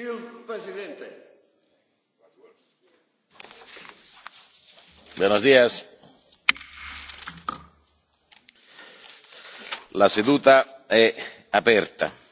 il presidente. Buenos días. La seduta è aperta.